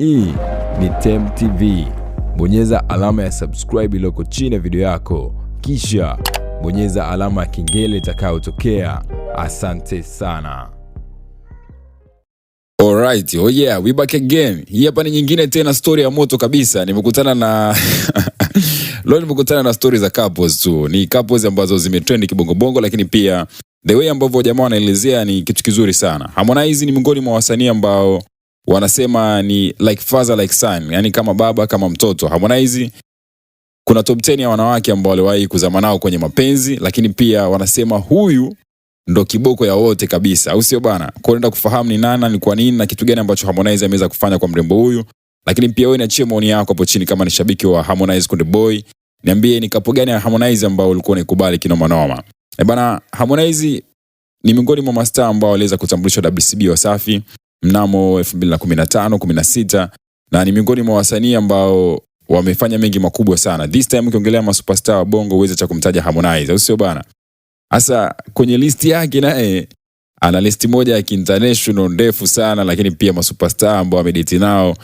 Hii ni Temu TV. Bonyeza alama ya subscribe iliyoko chini ya video yako, kisha bonyeza alama ya kengele itakayotokea. Asante sana. Alright, oh yeah, we back again. Hii hapa ni nyingine tena story ya moto kabisa. Nimekutana na leo nimekutana na story za couples tu. Ni couples ambazo zimetrend kibongobongo, lakini pia the way ambavyo jamaa wanaelezea ni kitu kizuri sana. Harmonize ni miongoni mwa wasanii ambao wanasema ni like father like son, yani kama baba kama mtoto. Harmonize kuna top 10 ya wanawake ambao waliwahi kuzama nao kwenye mapenzi, lakini pia wanasema huyu ndo kiboko ya wote kabisa, au sio bana? Kwenda kufahamu ni nana ni kwa nini na kitu gani ambacho Harmonize ameweza kufanya kwa mrembo huyu. Lakini pia wewe niachie maoni yako hapo chini, kama ni shabiki wa Harmonize Konde Boy, niambie ni kapo gani ya Harmonize ambao ulikuwa unaikubali kinoma noma. E bana, Harmonize ni miongoni mwa mastaa ambao waliweza kutambulishwa WCB Wasafi mnamo 2015 16 na ni miongoni mwa wasanii ambao wamefanya mengi makubwa sana. This time ukiongelea masuperstar wa Bongo uweze cha kumtaja Harmonize, au sio bana? Sasa kwenye list yake naye ana list moja ya international ndefu sana, lakini pia masuperstar ambao amediti nao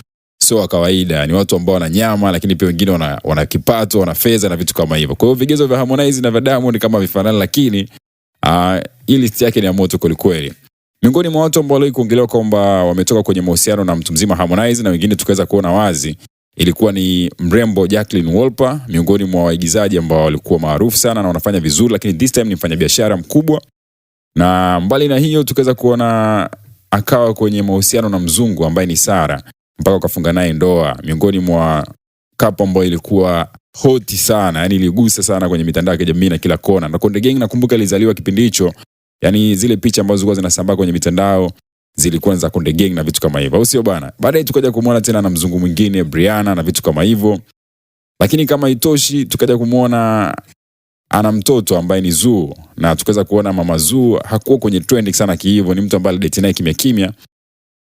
sio wa kawaida, ni watu ambao wana nyama, lakini pia wengine wana, wana kipato, wana fedha na vitu kama hivyo. Kwa hiyo vigezo vya Harmonize na vya Diamond kama vifanana, lakini uh, hii list yake ni ya moto kwelikweli miongoni mwa watu ambao waliwahi kuongelewa kwamba wametoka kwenye mahusiano na mtu mzima Harmonize na wengine tukaweza kuona wazi ilikuwa ni mrembo Jacqueline Wolper, miongoni mwa waigizaji ambao walikuwa maarufu sana na wanafanya vizuri, lakini this time ni mfanyabiashara mkubwa. Na mbali na hiyo, tukaweza kuona akawa kwenye mahusiano na mzungu ambaye ni Sara, mpaka akafunga naye ndoa, miongoni mwa kapo ambayo ilikuwa hoti sana, yani iligusa sana kwenye mitandao ya kijamii na kila kona. Na Konde Gang nakumbuka ilizaliwa kipindi hicho Yani zile picha ambazo zilikuwa zinasambaa kwenye mitandao zilikuwa za Konde Gang na vitu kama hivyo, au sio bana Baadaye tukaja kumuona tena na mzungu mwingine Briana na vitu kama hivyo, lakini kama itoshi, tukaja kumuona ana mtoto ambaye ni Zuu na tukaweza kuona mama Zuu hakuwa kwenye trending sana kihivyo, ni mtu ambaye alidate naye kimya kimya,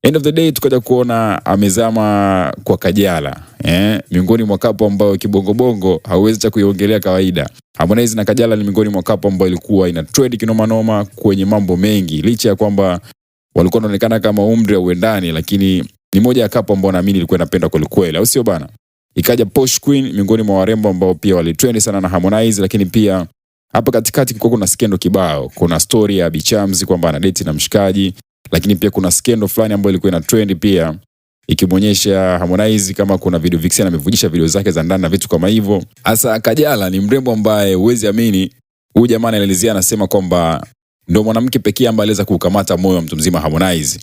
End of the day tukaja kuona amezama kwa Kajala eh, miongoni mwa kapo ambayo kibongobongo hauwezi cha kuiongelea kawaida. Harmonize na Kajala ni miongoni mwa kapo ambayo ilikuwa ina trade kinoma noma kwenye mambo mengi, licha ya kwamba walikuwa wanaonekana kama umri auendani, lakini ni moja ya kapo ambao naamini ilikuwa inapenda kweli kweli, au sio bana? Ikaja Posh Queen miongoni mwa warembo ambao pia walitrend sana na Harmonize, lakini pia hapa katikati kulikuwa kuna skendo kibao, kuna story ya Bichams kwamba anadeti na mshikaji lakini pia kuna skendo fulani ambayo ilikuwa ina trend pia ikimwonyesha Harmonize kama kuna video vixen amevujisha video zake za ndani na vitu kama hivyo. Hasa Kajala ni mrembo ambaye huwezi amini, huyu jamaa anaelezea, anasema kwamba ndio mwanamke pekee ambaye aliweza kukamata moyo wa mtu mzima Harmonize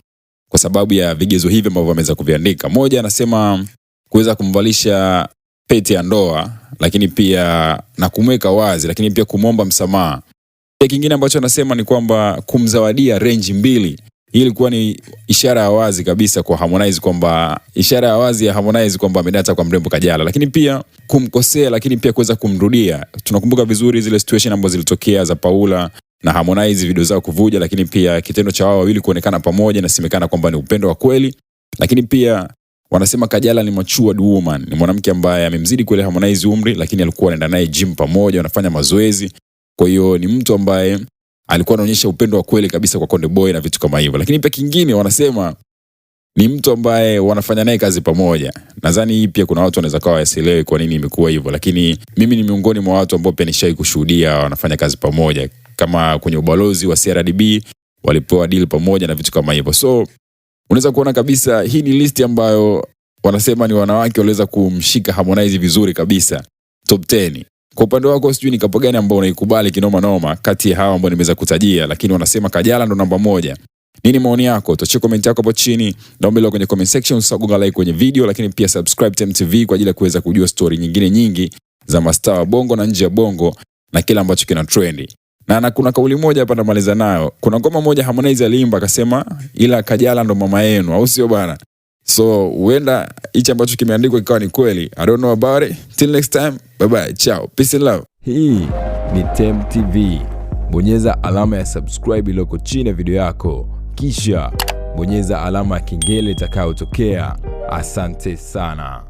kwa sababu ya vigezo hivi ambavyo ameweza kuviandika. Moja, anasema kuweza kumvalisha pete ya ndoa, lakini pia na kumweka wazi, lakini pia kumwomba msamaha. Kingine ambacho anasema ni kwamba kumzawadia range mbili hii ilikuwa ni ishara ya wazi kabisa kwa Harmonize kwamba ishara ya wazi ya Harmonize kwamba amedata kwa mrembo Kajala, lakini pia kumkosea, lakini pia kuweza kumrudia. Tunakumbuka vizuri zile situation ambazo zilitokea za Paula na Harmonize video zao kuvuja, lakini pia kitendo cha wao wawili kuonekana pamoja, nasemekana kwamba ni upendo wa kweli, lakini pia wanasema Kajala ni matured woman, ni mwanamke ambaye amemzidi kweli Harmonize umri, lakini alikuwa anaenda naye gym pamoja, wanafanya mazoezi. Kwa hiyo ni mtu ambaye alikuwa anaonyesha upendo wa kweli kabisa kwa Konde Boy na vitu kama hivyo. Lakini pia kingine wanasema ni mtu ambaye wanafanya naye kazi pamoja. Nadhani hii pia kuna watu wanaweza kawa wasielewe kwa nini imekuwa hivyo, lakini mimi ni miongoni mwa watu ambao pia nishai kushuhudia wanafanya kazi pamoja, kama kwenye ubalozi wa CRDB walipewa deal pamoja na vitu kama hivyo. So unaweza kuona kabisa hii ni listi ambayo wanasema ni wanawake waliweza kumshika Harmonize vizuri kabisa, top 10 kwa upande wako sijui ni kapo gani ambao unaikubali kinoma noma kati ya hawa ambao nimeweza kutajia, lakini wanasema Kajala ndo namba moja. Nini maoni yako? Tuachie comment yako hapo chini, naomba leo kwenye comment section usisahau like kwenye video, lakini pia subscribe TemuTV kwa ajili ya kuweza kujua story nyingine nyingi za mastaa wa bongo na nje ya bongo na kila ambacho kina trendi. Na, na kuna kauli moja hapa namaliza nayo. Kuna ngoma moja Harmonize aliimba akasema, ila Kajala ndo mama yenu, au sio bana? So huenda hichi ambacho kimeandikwa kikawa ni kweli. I don't know about it. Till next time. Bye bye, ciao, peace and love. Hii ni Temu TV. Bonyeza alama ya subscribe iliyoko chini ya video yako, kisha bonyeza alama ya kengele itakayotokea. Asante sana.